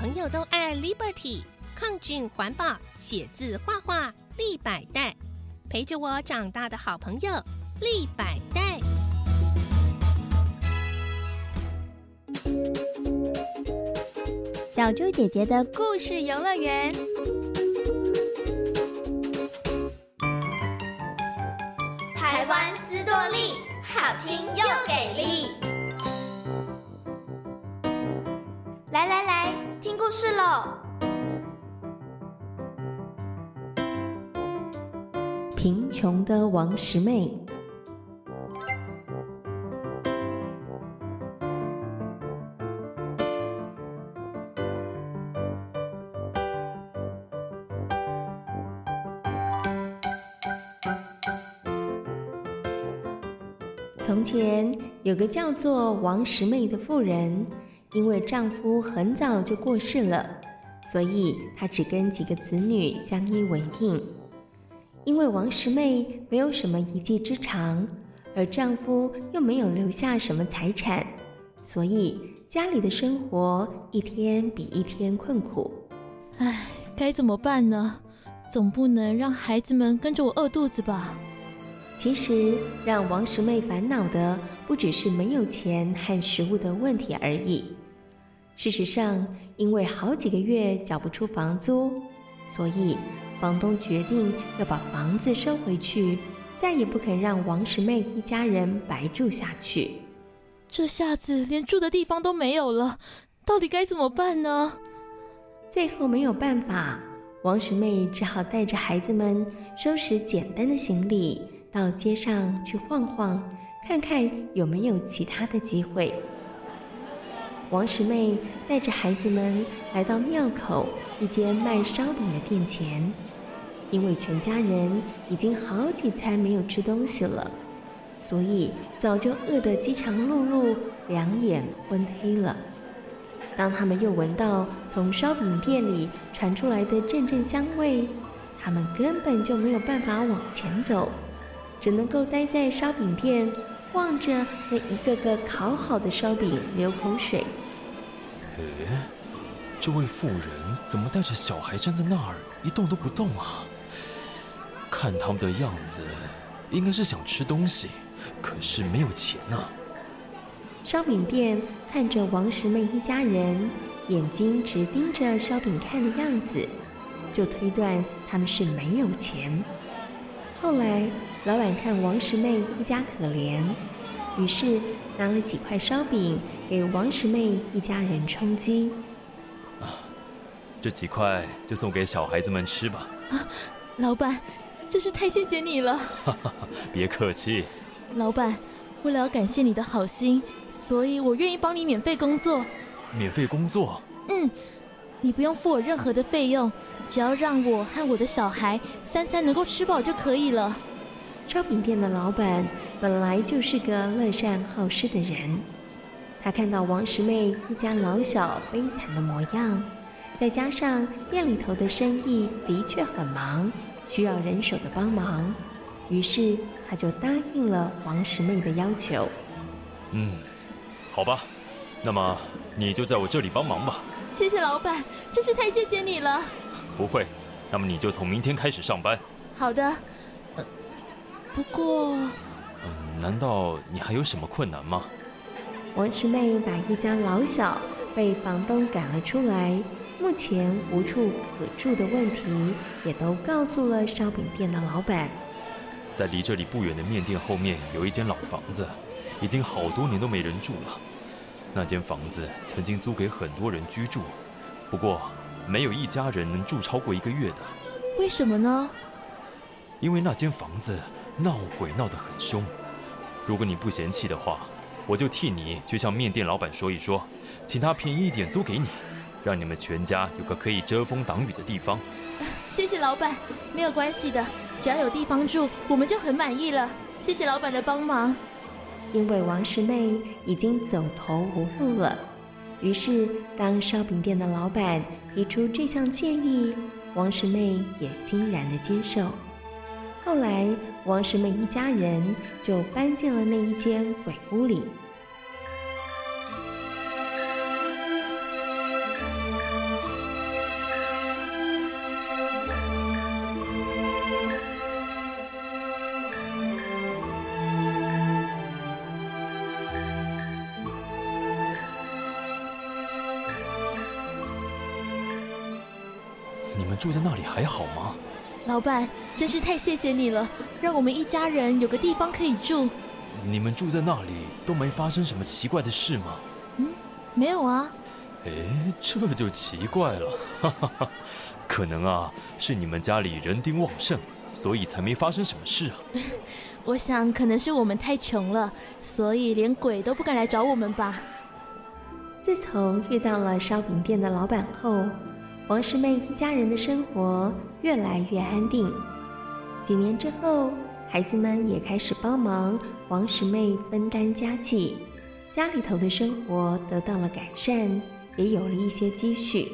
朋友都愛 Liberty，抗菌環保，寫字畫畫利百代，陪着我長大的好朋友利百代。小豬姐姐的故事遊樂園，台灣思多力，好聽又。是了。貧窮的王石妹。從前有個叫做王石妹的婦人。因為丈夫很早就過世了，所以她只跟幾個子女相依為命。因為王石妹沒有什麼一技之長，而丈夫又沒有留下什麼財產，所以家裡的生活一天比一天困苦。唉，該怎麼辦呢？總不能讓孩子們跟着我餓肚子吧？其實，讓王石妹煩惱的不只是沒有錢和食物的問題而已。事實上，因為好幾個月繳不出房租，所以房東決定要把房子收回去，再也不肯讓王石妹一家人白住下去。這下子連住的地方都沒有了，到底該怎麼辦呢？最後沒有辦法，王石妹只好帶着孩子們收拾簡單的行李，到街上去晃晃，看看有沒有其他的機會。王石妹帶着孩子們來到廟口一間賣燒餅的店前，因為全家人已經好幾餐沒有吃東西了，所以早就餓得飢腸轆轆，兩眼昏黑了。當他們又聞到從燒餅店裡傳出來的陣陣香味，他們根本就沒有辦法往前走，只能夠待在燒餅店，望着那一個個烤好的燒餅流口水。誒，這位婦人怎麼帶着小孩站在那兒一動都不動啊？看他們的樣子，應該是想吃東西，可是沒有錢呢、啊。燒餅店看着王石妹一家人眼睛直盯着燒餅看的樣子，就推斷他們是沒有錢。後來老闆看王石妹一家可憐，於是拿了幾塊燒餅。給王石妹一家人充飢，啊，這幾塊就送給小孩子們吃吧。啊，老闆，真是太謝謝你了。哈哈，別客氣。老闆，為了要感謝你的好心，所以我願意幫你免費工作。免費工作？嗯，你不用付我任何的費用，只要讓我和我的小孩三餐能夠吃飽就可以了。燒餅店的老闆本來就是個樂善好施的人。他看到王石妹一家老小悲慘的模樣，再加上店裡頭的生意的確很忙，需要人手的幫忙，於是他就答應了王石妹的要求。嗯，好吧，那麼你就在我這裡幫忙吧。謝謝老闆，真是太謝謝你了。不會，那麼你就從明天開始上班。好的，呃，不過，嗯……難道你還有什麼困難嗎？王石妹把一家老小被房東趕了出來，目前無處可住的問題，也都告訴了燒餅店的老闆。在離這裡不遠的麵店後面有一間老房子，已經好多年都沒人住了。那間房子曾經租給很多人居住，不過沒有一家人能住超過一個月的。為什麼呢？因為那間房子鬧鬼鬧得很兇。如果你不嫌棄的話。我就替你去向麵店老闆說一說，請他便宜一點租給你，讓你們全家有個可以遮風擋雨的地方。謝謝老闆，沒有關係的，只要有地方住，我們就很滿意了。謝謝老闆的幫忙。因為王石妹已經走投無路了，於是當燒餅店的老闆提出這項建議，王石妹也欣然的接受。後來，王石妹一家人就搬進了那一間鬼屋裡。你們住在那裡還好嗎？老闆，真是太謝謝你了，讓我們一家人有個地方可以住。你們住在那裡都沒發生什麽奇怪的事嗎？嗯，沒有啊。誒，這就奇怪了，哈哈哈哈，可能啊，是你們家裡人丁旺盛，所以才沒發生什麽事啊。我想可能是我們太窮了，所以連鬼都不敢來找我們吧。自從遇到了燒餅店的老闆後，王石妹一家人的生活越來越安定。幾年之後，孩子們也開始幫忙王石妹分擔家計，家裡頭的生活得到了改善，也有了一些積蓄。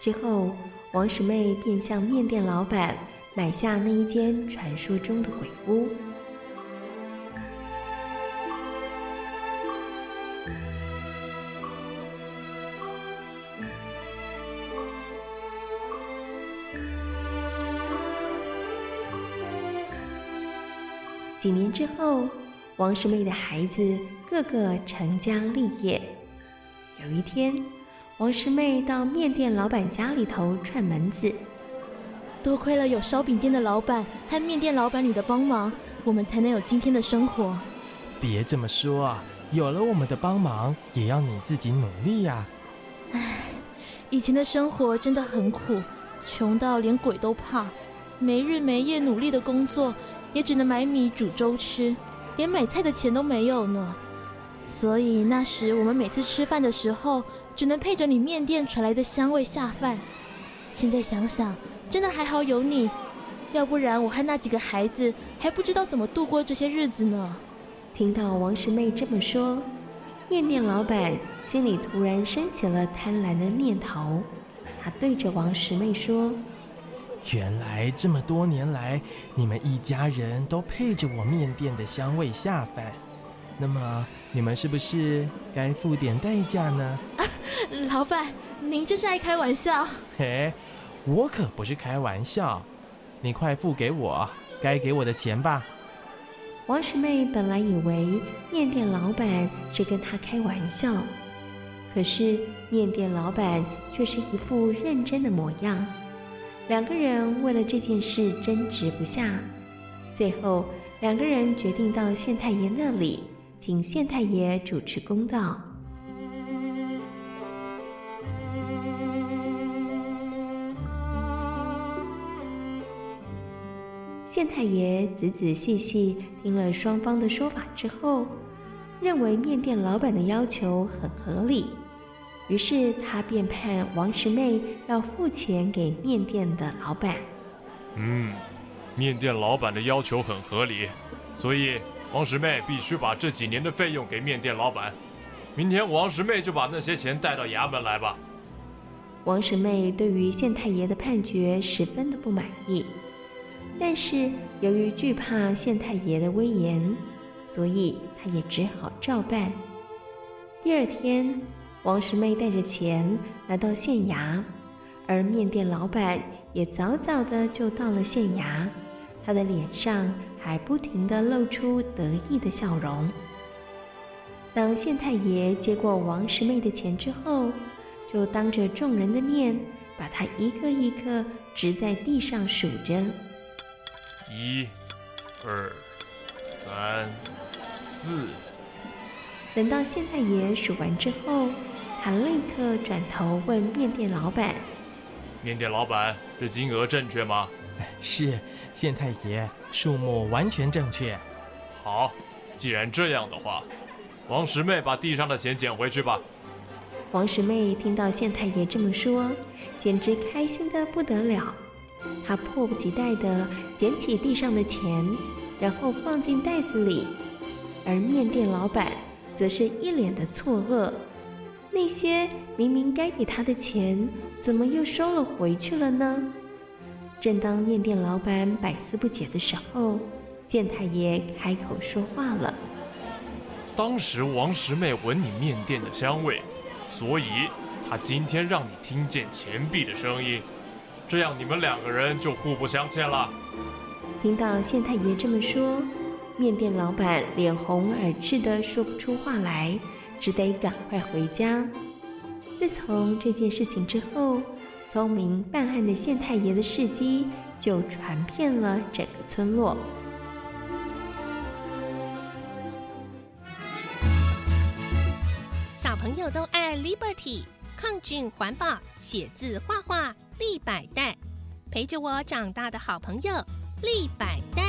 之後，王石妹便向麵店老闆買下那一間傳說中的鬼屋。幾年之後，王石妹的孩子個個成家立業。有一天，王石妹到麵店老闆家裡頭串門子。多虧了有燒餅店的老闆和麵店老闆你的幫忙，我們才能有今天的生活。別這麼說，有了我們的幫忙，也要你自己努力呀、啊。唉，以前的生活真的很苦，窮到連鬼都怕，沒日沒夜努力的工作。也只能買米煮粥吃，連買菜的錢都沒有呢。所以那時我們每次吃飯的時候，只能配着你麵店傳來的香味下飯。現在想想，真的還好有你，要不然我和那幾個孩子還不知道怎麼度過這些日子呢。聽到王石妹這麼說，麵店老板心裡突然升起了貪婪的念頭，他對着王石妹說。原來這麼多年來，你們一家人都配着我面店的香味下飯，那麼你們是不是該付點代價呢？啊，老板，您這是愛開玩笑？嘿，我可不是開玩笑，你快付給我該給我的錢吧。王石妹本來以為面店老板是跟他開玩笑，可是麵店老板卻是一副認真的模樣。兩個人為了這件事爭執不下，最後兩個人決定到縣太爺那裡，請縣太爺主持公道。縣太爺仔仔細細聽了雙方的說法之後，認為麵店老闆的要求很合理。於是他便判王石妹要付錢給麵店的老闆。嗯，麵店老闆的要求很合理，所以王石妹必須把這幾年的費用給麵店老闆。明天王石妹就把那些錢帶到衙門來吧。王石妹對於縣太爺的判決十分的不滿意，但是由於懼怕縣太爺的威嚴，所以他也只好照辦。第二天。王石妹帶着錢來到縣衙，而麵店老闆也早早的就到了縣衙，他的臉上還不停的露出得意的笑容。當縣太爺接過王石妹的錢之後，就當着眾人的面，把它一個一個擲在地上數着，一、二、三、四。等到縣太爺數完之後。他立刻轉頭問麵店老闆：“麵店老闆，這金額正確嗎？”“是，縣太爺，數目完全正確。”“好，既然這樣的話，王石妹把地上的錢撿回去吧。”王石妹聽到縣太爺這麼說，簡直開心得不得了。她迫不及待地撿起地上的錢，然後放進袋子裡。而麵店老闆則是一臉的錯愕。那些明明該給他的錢，怎麼又收了回去了呢？正當麵店老闆百思不解的時候，縣太爺開口說話了：“當時王石妹聞你麵店的香味，所以她今天讓你聽見錢幣的聲音，這樣你們兩個人就互不相欠了。”聽到縣太爺這麼說，麵店老闆臉紅耳赤的說不出話來。只得趕快回家。自從這件事情之後，聰明辦案的縣太爺的事蹟就傳遍了整個村落。小朋友都愛 Liberty，抗菌環保，寫字畫畫，利百代，陪着我長大的好朋友利百代。